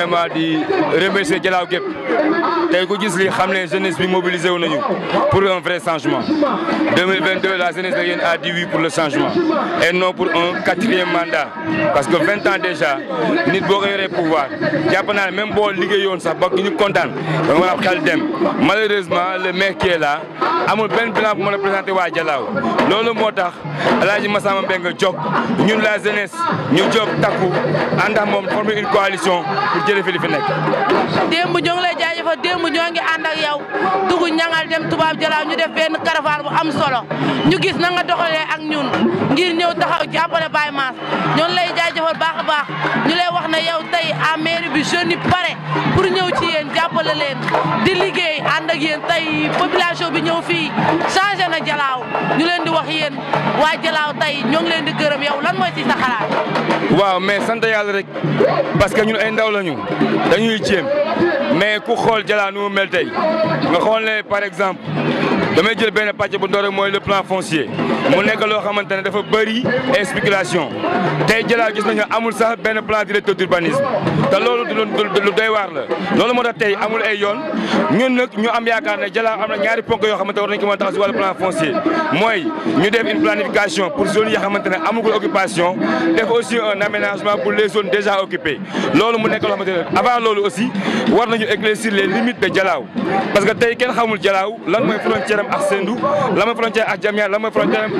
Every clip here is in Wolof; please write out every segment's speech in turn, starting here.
vraiment di remercier Jalaaw Gep. tey ku gis li xam jeunesse bi mobilisé wu pour un vrai changement 2022 la jeunesse la yéen a dit oui pour le changement et non pour un quatrième mandat parce que 20 ans déjà nit boo ko yoree pouvoir jàpp naa ne même boo liggéeyoon sax ba ñu kontaan da nga dem malheureusement le maire qui est là amul benn bilan bu mën a présenté waa Jalaaw loolu moo tax Alaaji Massamba Mbengue jóg ñun la jeunesse ñu jóg takku àndax moom former une coalition pour jëlee fi li fi nekk. démb ñoo ngi lay jaajëfal ngi ànd ak yow dugg ñangal dem tubaab jalaaw ñu def benn caravane bu am solo ñu gis na nga doxalee ak ñun ngir ñëw taxaw jàppale Baye Mass ñoo ngi lay jaajëfal baax a baax ñu lay wax na yow tey à bi jeune yi pare pour ñëw ci yéen jàppale leen di liggéey ànd ak yéen tey population bi ñëw fii changé na jalaaw ñu leen di wax yéen waa jalaaw tey ñoo ngi leen di gërëm yow lan mooy ci sa xalaat. waaw mais sant yàlla rek parce que ñun ay ndaw lañu dañuy jéem mais ku xool Jalla nu mu mel tey nga xool ne par exemple damay jël benn pàcc bu ndaw rek mooy le plan foncier. mu nekk loo xamante ne dafa bëri explication tey Jalla gis nañu amul sax benn plan directeur d'urbanisme te loolu lu doy waar la loolu moo tax tey amul ay yoon ñun nag ñu am yaakaar ne Jalla am na ñaari ponk yoo xamante war nañu ko mën a taxaw si wàllu plan foncier mooy ñu def une planification pour zones yi xamante ne amagul occupation def aussi un aménagement pour les zones déjà occupées loolu mu nekk loo xamante ne avant loolu aussi war nañu éclaircir les limites de Dialaw parce que tey kenn xamul Dialaw lan mooy frontière am ak Sendou lan mooy frontière ak Diamia lan mooy frontière am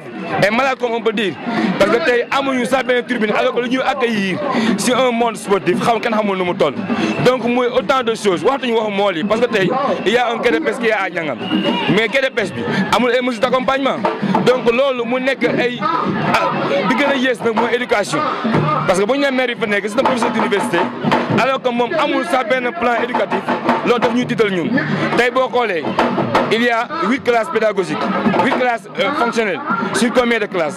pauvre et malade comme on peut dire parce que tey amuñu sax benn tribune alors que lu ñuy accueillir si un monde sportif xam kenn xamul nu mu toll. donc muy autant de choses waxtuñu wax mool yi parce que tey il y a un quai de pêche qui est à Niangam mais quai de pêche bi amul donc loolu mu nekk ay ah di gën a yées nag mooy éducation parce que bu ñu nee maire yi fa nekk c'est un professeur d'université alors que mon amour ça un plan éducatif lors de nous titre il y a 8 classes pédagogiques 8 classes euh, fonctionnelles sur combien de classes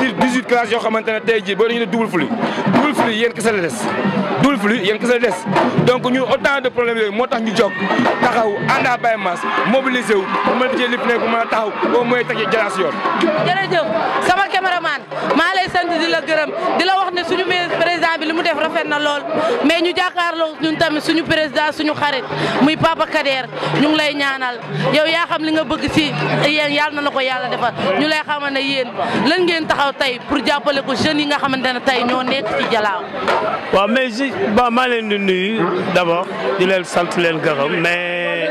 sur 18 classes j'ai commencé à dire il est double flux double flux il y a que ça Donc double flux il y a que donc nous autant de problèmes moi tant du job tarau à la paix masse mobilisé ou les pneus comme un tarau au moins et ta génération ça va caméraman sant di la gërëm di la wax ne suñu président bi li mu def rafet na lool mais ñu jàkkaarloo ñun tamit suñu président suñu xarit muy Papa Kader ñu ngi lay ñaanal yow yaa xam li nga bëgg si yéen yàlla na la ko yàlla defal ñu lay xamal ne yéen lan ngeen taxaw tey pour jàppale ko jeunes yi nga xamante ne tey ñoo nekk ci Jalaaw. waaw mais ji ba maa nu di nuyu d'abord di leen sant leen gërëm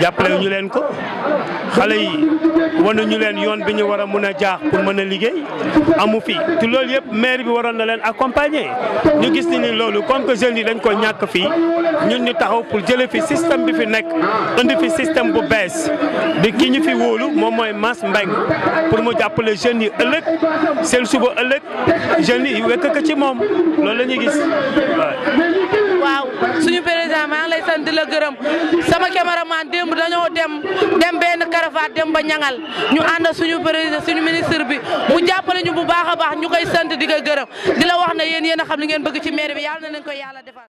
jàppale ñu leen ko xale yi ñu leen yoon bi ñu war a mun a jaax pour mën a liggéey amu fi te loolu yëpp maire bi waroon na leen accompagner ñu gis ni ni loolu comme que jeunes yi dañ ko ñàkk fii ñun ñu taxaw pour jële fi système bi fi nekk indi fi système bu bees bi ki ñu fi wóolu moom mooy Mass Mbengue pour mu jàppale jeunes yi ëllëg seen suba ëllëg jeunes yi wekk ko ci moom loolu la ñuy gis di la gërëm sama caméraman démb dañoo dem dem benn Caravace dem ba ñangal ñu ànd suñu président suñu ministre bi mu jàppale ñu bu baax a baax ñu koy sant di ko gërëm di la wax ne yéen yéen a xam li ngeen bëgg ci mairie bi yàlla na leen ko yàlla defal